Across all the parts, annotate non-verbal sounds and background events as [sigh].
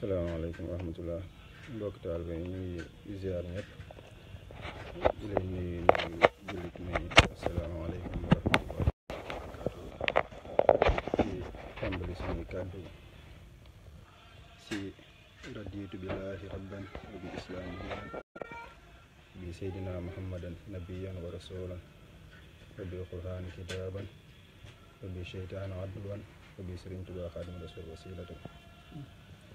Assalamualaikum warahmatullah wabarakatuh. mbokk taal ziar ñëpp di leen nuyu si rabban wa bi islaami diinan bi seydina muhammadan nabiyan wa rasulan wa Qur'an quraan kitaaban wa bi orang duluan wa bi juga Tuubaa xaadim rasul wasilatan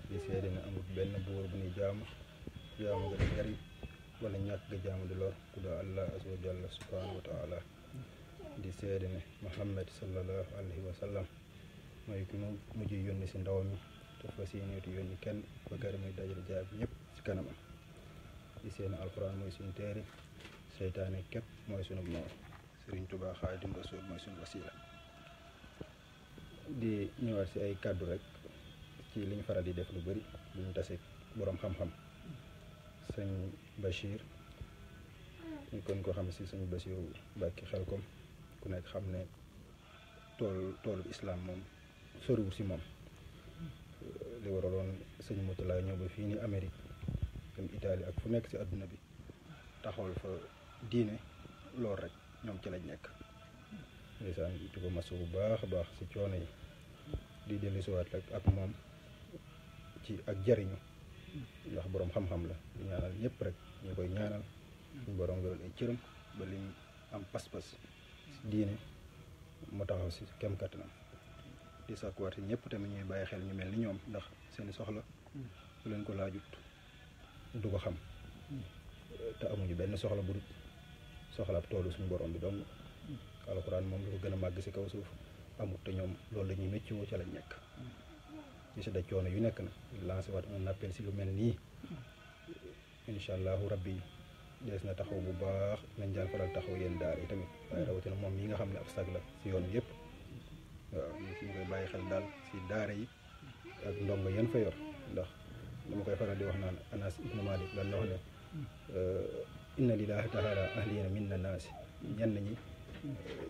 di seede ne amul benn buur bu ñuy jaamu jaamu nga di njariñ wala ñàkk nga jaamu di lor ku doo allah azza wa jalla subhanahu di seede ne muhammad sallallahu alayhi mooy ki mu mujj yónni si ndaw mi te fas yéeneetu yónni kenn ba kër muy dajale jaab ñëpp ci kanamam di seede alquran mooy suñu teere seytaane képp mooy suñu moor sëriñ tubaa xaadim rasul mooy suñu wasila di ñëwaat si ay kàddu rek ci liñ ñu faral di def lu bari buñu tassé borom xam-xam sëñ bashir ñu kon ko xam ci sëñ bashir bakki xel kom ku nekk xam ne tol tol islam mom soru ci mom li waraloon sëñ Moutala ñëw ba fii ni Amérique dem Italie ak fu nekk ci aduna bi taxawal fa diine lool rek ñom ci lañ nekk ndeysaan di ko masu bu baax baax si coono yi di dellusiwaat rek ak moom ci ak jariñu ndax boroom xam-xam la di ñaanal ñëpp rek ñu koy ñaanal suñu boroom wéral ay cëram ba lim am pas-pas diine mu taxaw si kem kattanam di sàkkuwaat ñëpp tamit ñuy bàyyi xel ñu mel ni ñoom ndax seeni soxla su leen ko laajut du ko xam te amuñu benn soxla bu dul soxlaab toolu suñu boroom bi dong alxuraan moom lu ko gën a màgg si kaw suuf amut te ñoom loolu lañuy ñuy ca lañ nekk ci da daj yu nek na lancé wat un appel si lu mel nii incha rabbi dees na taxaw bu baax nañ jàng faral taxaw yeen daal yi tamit waaye rawatina moom mi nga xam obstacle la ci yoon yépp waaw ñu suñu koy bayyi xel daal ci daara yi ak ndongo yeen fa yor ndax dama koy faral di wax naan anas ibn malik lan la wax ne inna lillahi taala ahlina min nas ñen ñi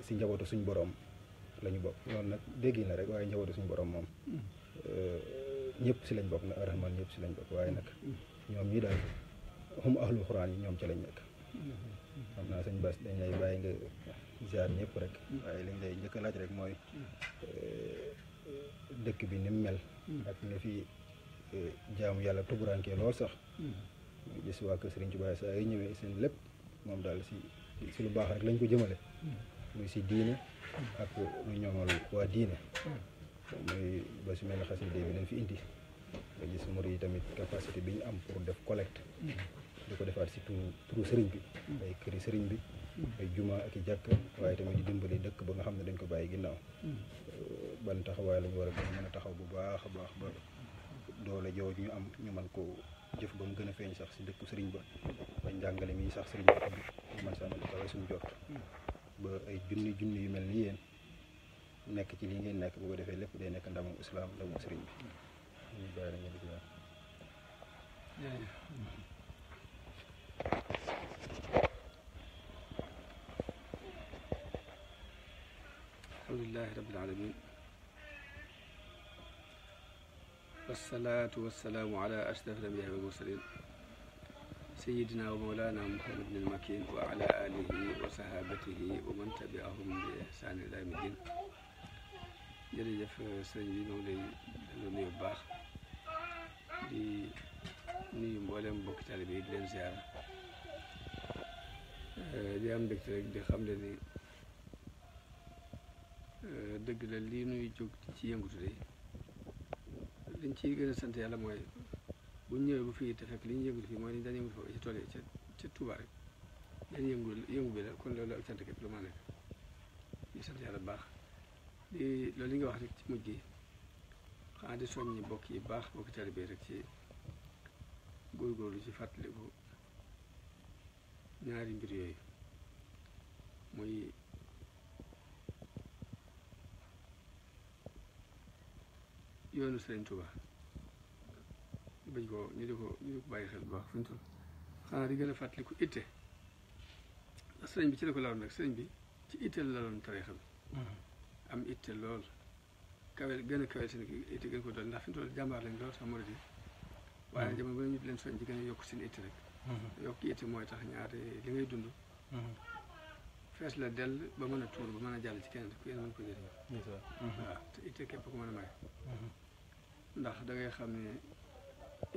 ci njabootu suñu borom lañu bok bokk loolu nag dégg rek waaye njabootu suñu borom mom ñëpp si lañ bokk nag arrahman ñëpp si lañ bokk waaye nag ñoom ñi daal xum ahlul xuraan yi ñoom ci lañ nekk xam naa sëñ Bass dañ lay bàyyi nga ziar ñëpp rek waaye liñ lay njëkk a laaj rek mooy eh, dëkk bi ni mel ak nga fi eh, jaamu yàlla tuburankee lool sax gis waa kër ci Touba saa yi ñëwee seen lépp moom daal si si lu baax rek lañ ko jëmale muy si diine ak lu ñoomal waa diine muy ba su mel ne xasida bi lañ fi indi nga gis murid yi tamit capacité bi ñu am pour def collecte di ko defaat si tout sëriñ bi ay këri sëriñ bi ay jumaa ak i jàkk waaye tamit di dimbali dëkk ba nga xam ne dañ ko bàyyi ginnaaw ban taxawaay la war a gën a taxaw bu baax a baax ba doole jooju ñu am ñu mën ko jëf ba mu gën a feeñ sax si dëkku sëriñ ba ba njàngale mi sax sëriñ bi mën saa mën a taxaw suñu jot ba ay junni junni yu mel ni yéen nek ci li ngeen nek bu ko defé lepp day nek ndam islam ndam serign bi ñu bari ñu di الحمد لله رب العالمين والصلاة والسلام على أشرف الأنبياء والمرسلين سيدنا ومولانا محمد بن المكين وعلى آله وصحابته ومن تبعهم بإحسان إلى يوم الدين jërëjëf euh, sëñ bi ñoo ngi lay delloo bu baax di nuyu mboolem mbokki taalibe yi di leen ziar euh, di am mbégte rek di xam ne ni euh, dëgg la lii nuy jóg ci yëngutu de liñ ciy gën a sant yàlla mooy bu ñëwee bu fii te fekk li ñu yëngutu fii mooy li ñu daan yëngutu foofu ci tool yi ca ca Tuubaa yëngu yëngu bi la kon loolu ak cant képp lu ma nekk di sant yàlla bu baax. di loolu li nga wax rek ci mujj gi xanaa di soññi bokk yi baax bokki talibé rek ci góorgóorlu ci fàttaliku ñaari mbir yooyu muy yoonu Sëriñ Tuba bañ ko ñu di ko ñu di ko bàyyi xel baax fi ñu toll xanaa di gën a fàttaliku itte sëriñ bi ci la ko laaloon nag sëriñ bi ci itte la laaloon tariixa bi mm-hmm. am itte lool kawe gën a kawe seen itte gën ko dool ndax fi mu toll jàmbaar lañ lool sax murid yi waaye hmm. jamono bu ne ñu leen soñ ci gën a yokk seen itte rek hmm. mooy tax ñaari li ngay dund hmm. fees la dell ba mën a tuur ba mën a jàll ci kenn ku yéen mën ko jëriñoo waaw te itte képp ko mën a may ndax da ngay xam ne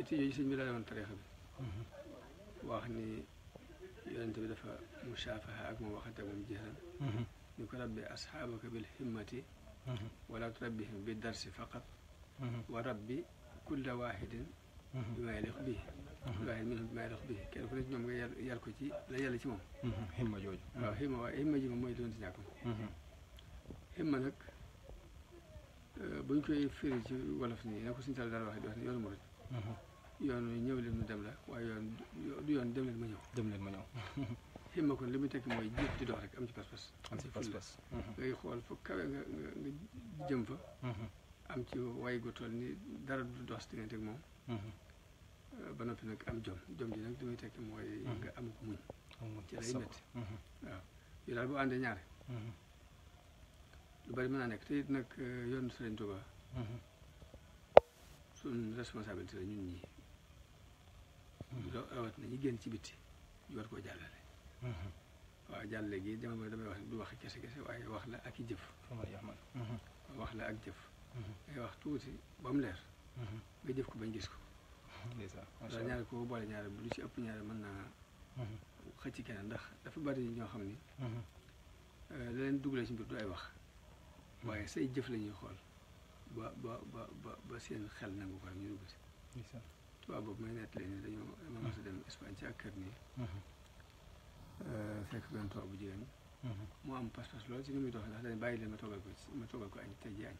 itte yooyu sëñ bi daa demoon tariixa bi wax ni yonente bi dafa musaafaha ak moom waxante moom jeexal يكرب أصحابك بالهمة ولا تربهم بالدرس فقط وربي كل واحد بما يليق به كل واحد منهم بما يليق به كان كل يوم يركضي لا يلتي مم هم جوج هم هم جوج ما يدون تجاكم هم لك بنكو يفرج ولا فني أنا كنت أتعلم واحد واحد يوم مرة يوم ينيو لي من دملا ويوم يوم [laughs] دملا المجنون دملا المجنون himma kon li muy tekki mooy jiit di dox rek am ci pas-pas. Mhm. ngay xool fu kawe nga nga jëm fa. Mhm. am ci way gu toll ni dara du dox si diggante ak moom. Mhm. Euh, ba noppi nag am jom jom ji nag li muy tekki mooy. nga am ko muñ. ci lay métti waaw yooyu daal boo àndee ñaare. lu bari mën naa nekk te it nag euh, yoonu Sëriñ Tuubaa. suñ responsabilité la ñun ñii. rawat na génn ci bitti ñu war jàllale. waaw jàlle gi jamono damay wax du wax kese kese waaye wax la ak i jëf wax la ak jëf mhm. ngay wax tuuti ba mu leer mhm. nga jëf ko bañ gis ko [laughs] da ñaari ko boole ñaari bu lu ci ëpp ñaari mën naa mhm. xëcc keneen ndax dafa bari ñoo xam ni euh, leen dugalee ci mbir du ay wax waaye say jëf la ñuy xool ba ba ba ba seen xel nangu ko ñu dugg si tubaab boobu may nettali ni dañoo dama mas a dem Espagne ci ak kër nii fekk benn toog bu jigéen mhm. mu am pas-pas lool ci ni muy doxee ndax dañ bàyyi leen ma toogal ko ma toogal ko añ tey ji añ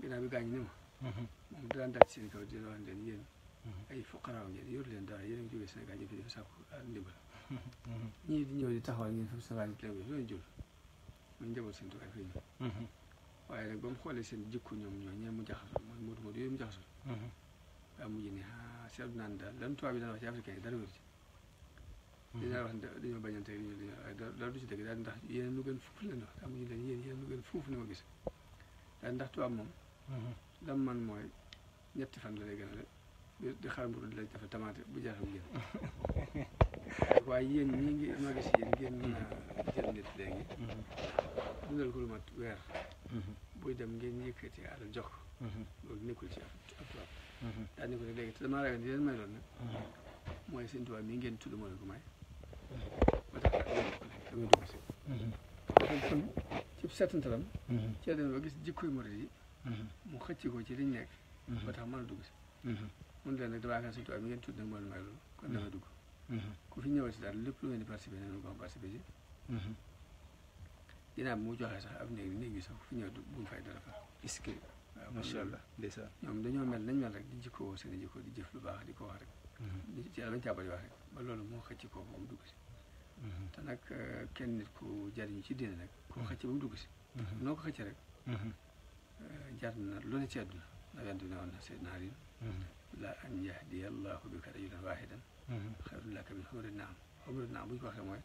ginnaaw bi gaañ ni ma mhm. moom daan daal ci seen kaw di wax leen yéen mhm. ay fuqaraaw ngeen yor leen dara yéen a ngi waaye nag ba xoolee seen jikko ñoom ñoo ñee mu jaxasoo mooy moodu moodu yooyu mu jaxasoo daa mujj ne ah seetlu naan daal lan tubaab bi daan wax ci africain yi dara wér ci dañaa wax dañoo bañante ñu dañoo waaye dara du ci dëgg daal ndax yéen lu gën fuuf leen wax amuñu leen yéen yéen lu gën daal ndax tubaab moom mm-hmm. lam man mooy ñetti fan la lay gën a le di xaar mburu di la dafa tamaate bu jaaxam génn [laughs] waaye yéen ngi ma gis yéen ngeen mën a jël nit léegi mm-hmm. dundal ko lu mat weer mm-hmm. buy dem ngeen yëkkati alal jox loolu nekkul ci ab tubaab daal ne ko léegi te damaa ragal di leen may loon mooy seen tubaab mii ngeen tudd moo leen ko may damay dugg si la dem ba gis jikkoy murid yi mu xëcc ko ci liñ nekk mhm. ba tax man a dugg si mhm. mun leen nag damaa fee suñu tubaab ngeen tudd nag moo may loolu mhm. dugg ku fi ñëwal si daal lépp lu ngeen di participer ne ko participer ji ginnaaw bi mu joxee sax ab néeg néeg bi sax ku fi ñëw bu fay dara fa est-ce que macha allah ndeysaan ñoom dañoo mel nañ mel rek di jikkoo seen jikko di jëf lu baax di ko wax rek ci yàlla bañu càabali wax ba loolu moo xëcc koo moom dugg si te nag euh, kenn nit ku jariñu ci diine nag ko mm-hmm. xëcc ba mu dugg si mm-hmm. noo ko xëcc rek mm-hmm. euh, jar na lu ne ci àdduna ndax yonent bi ne woon na seydina Ali la an yahdiya allahu bika rajulan wahidan xayrun laka min humri naam humri naam bu ñu ko waxee mooy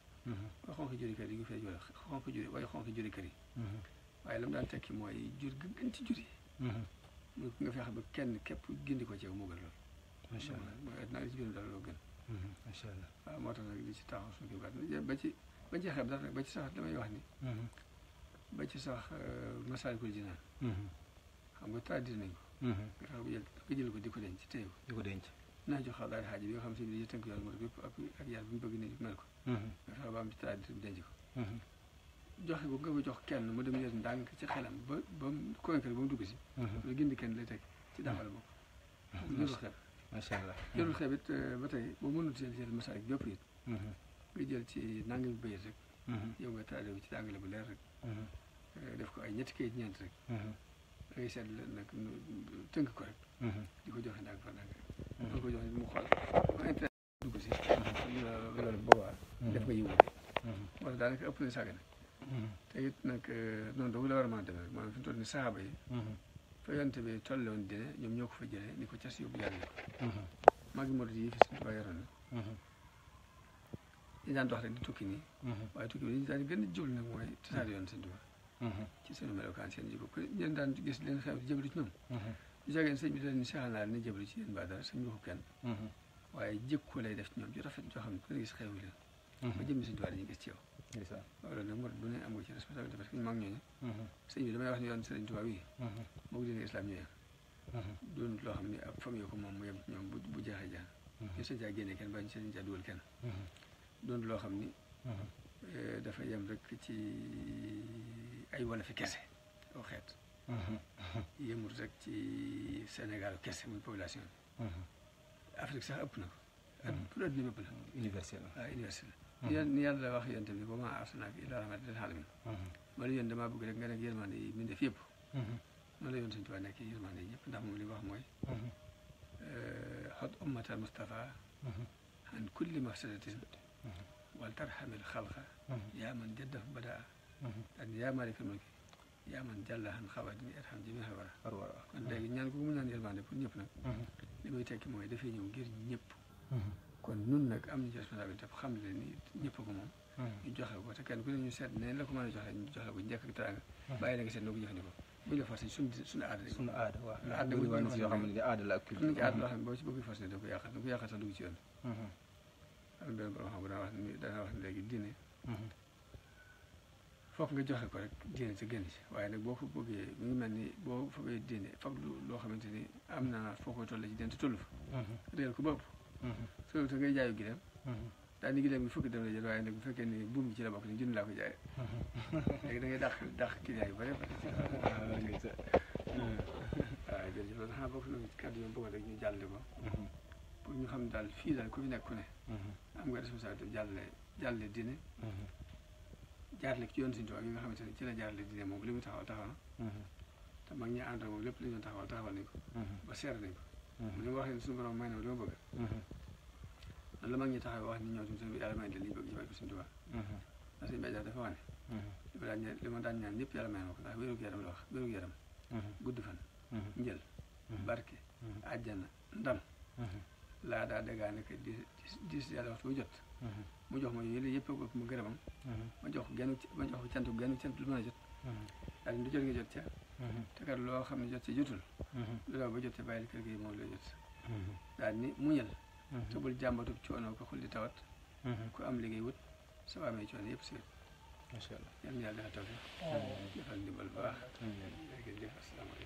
waaye xonk juri kër yi fee jure xonk juri waaye xonk juri kër yi waaye lam daan tekki mooy jur gi gën ci nga fexe ba kenn képp gindi ko ci yow moo gën loolu macha allah mooy naa li si gën daal loo gën macha allah waaw moo tax nag di ci taxaw suñu kéem kàttan ba ci ba ci xeeb daanaka ba ci sax damay wax ni. Mm-hmm. ba ci sax euh, Masaalikul Jinaan. Mm-hmm. xam nga taat dinañ ko. Mm-hmm. nga tax bu jël nga jël ko di ko denc téye ko. di ko denc naa jox xaw daal xaaj bi nga xam si ne dañuy tënk yoon bi yëpp ak ak yàlla bu ñu bëgg nii mel ko. nga tax ba am ci taat denc ko. joxe ko nga ko jox kenn mu dem ci xelam ba ba mu convaincre ba mu dugg si. loolu gindi kenn lay teg ci dafal boobu. macha allah jëlul xeeb it euh, ba tey boo mënul seen seen masaay jopp it mhm. nga jël ci nangami bayit rek mhm. yow nga traduire bi ci anglais bu leer rek mhm. euh, def ko ay ñetti kayit ñeent rek da ngay seet nag tënk ko rek di ko joxe ndànk fa ndànk rek di mu xool bu intérêt dugg si loolu boobaa def nga yiw wala daanaka ëpp na sàgg nag te it nag euh, noonu doogu la war a mën a demee maanaam fi mu fa yonent bi tolle woon dine ñoom ñoo ko fa jëlee ni ko cas yóbbu yàlla ko mhm. maagi morit yi fi suñu tubaab yaroon na dañ mhm. daan dox di tukki mhm. waaye tukki gën a jublu nag mooy tasaare yoon seen tubaab ci seen melokaan seen jikko ku ngeen daan gis leen xew di jëblu ci ñoom ñu jageen sëñ bi leen seexal naa ne jëblu ci yéen ba dara sëñ waxu kenn waaye jëkku def ci ñoom ju rafet joo xam ne ku ne gis ba jëm si tuwaar yi ñu gis ci yow loolu nag murid bu ne am nga ci responsabilité parce que mag ñooñu sëñ damay wax ne yoon sëriñ Tuubaa yi moo ko diine islam ñooyee doon loo xam ne ab famille ko moom mu yem ñoom bu jeexee jeex ñu sëñ caa génne kenn ba ñu sëñ caa dugal kenn doon loo xam ni dafa yem rek ci ay wala fi kese aw mm-hmm. rek ci Sénégal kese muy population bi mm-hmm. Afrique sax ëpp na ko pour adduna bépp la universel waaw ah, Mhm. yéen yàlla wax yéen tamit ba ma arsalnaaka illaa rahmatan lil aalamiin ma ne yéen damaa bëgg rek nga nekk yërmande yi mbindeef yëpp mhm. noonu la yoon Sëñ Tuubaa nekk yërmande yi ñëpp ndax moom li wax mooy xot mhm. eh, ummatal Mustafa an kulli mafsadatin wal tarhamil xalqa yaa man jaddahu badaa ak yaa maalikal mulki yaa man jàlla an xawaadin irham jamii'al waraa kon léegi ñaan ko mu ñaan yërmande tekki mooy dafay ñëw ngir ñëpp kon nun nag am responsabilité xam leen ni ñëpp ko moom hmm. ñu joxe ko te kenn ku ne ñu seet ne la ko mën a joxe ñu joxe ko njëkk ak teraanga hmm. suñ suñu aada la suñu aada waaw aada xam ne aada la ak culture ci hmm. ne boo ci bëgg forcé da ko da ko yàqal sax dugg ci yoon am benn borom xam bu daan wax ne dana wax nga joxe ko rek diine sa génn ci waaye nag boo ko bëggee mu ngi mel ni boo foogee diine foog loo xamante ni am na foo koy toll ci diine te toll fa réer ko bopp Mm-hmm. soo toogee jaayu gileem mm-hmm. daa ni gileem gi fukki dem la jël waaye nag bu fekkee ni buum gi ci mm-hmm. léegi da ngay dàq dàq ki jaay ba bëri waaw jërëjëf loolu xanaa bokk na ci kàddu yoon bëggoon rek ñu jàll ko pour ñu xam daal fii daal ku fi nekk ku ne am nga responsabilité jàlle jàlle dine jaarle ci yoon suñu tool yi nga xamante ne ci la jaarle dine moo li mu taxawal taxaw na te mag ñi ànd moom lépp li ñu taxawal taxawal nañ ko ba seer nañ ko bu ñu waxee suñu borom may na loo bëgg mhm. noonu la mag ñi taxaw wax ni ñow suñu sëñ bi yàlla may na li ñu bëgg jëfee ko suñu tubaab mhm. ndax suñu béykat dafa wax ne mhm. li ma daan ñaan li ma daan ñaan ñëpp yàlla may na ko ndax wéeru yaram la wax wéeru yaram gudd fan njël barke àjjana ndam laa daa dagaane que di dis yàlla waxtu bu jot mu jox ma yële yëpp ëpp mu gërëmam ma jox genn ma jox cant genn cant lu mën a jot daal du jot nga jot ca te kat loo xam ne jot ci jotul mm-hmm. lu daw ba jotee bàyyi li kër gi moom la jot mm-hmm. daal ni muñal mm-hmm. te bul jàmbatu coono ko xul tawat ku am liggéey wut soo amee coono yëpp seet macha allah yal na yàlla defal tawfiq defal ndimbal bu baax jërëjëf asalaamaaleykum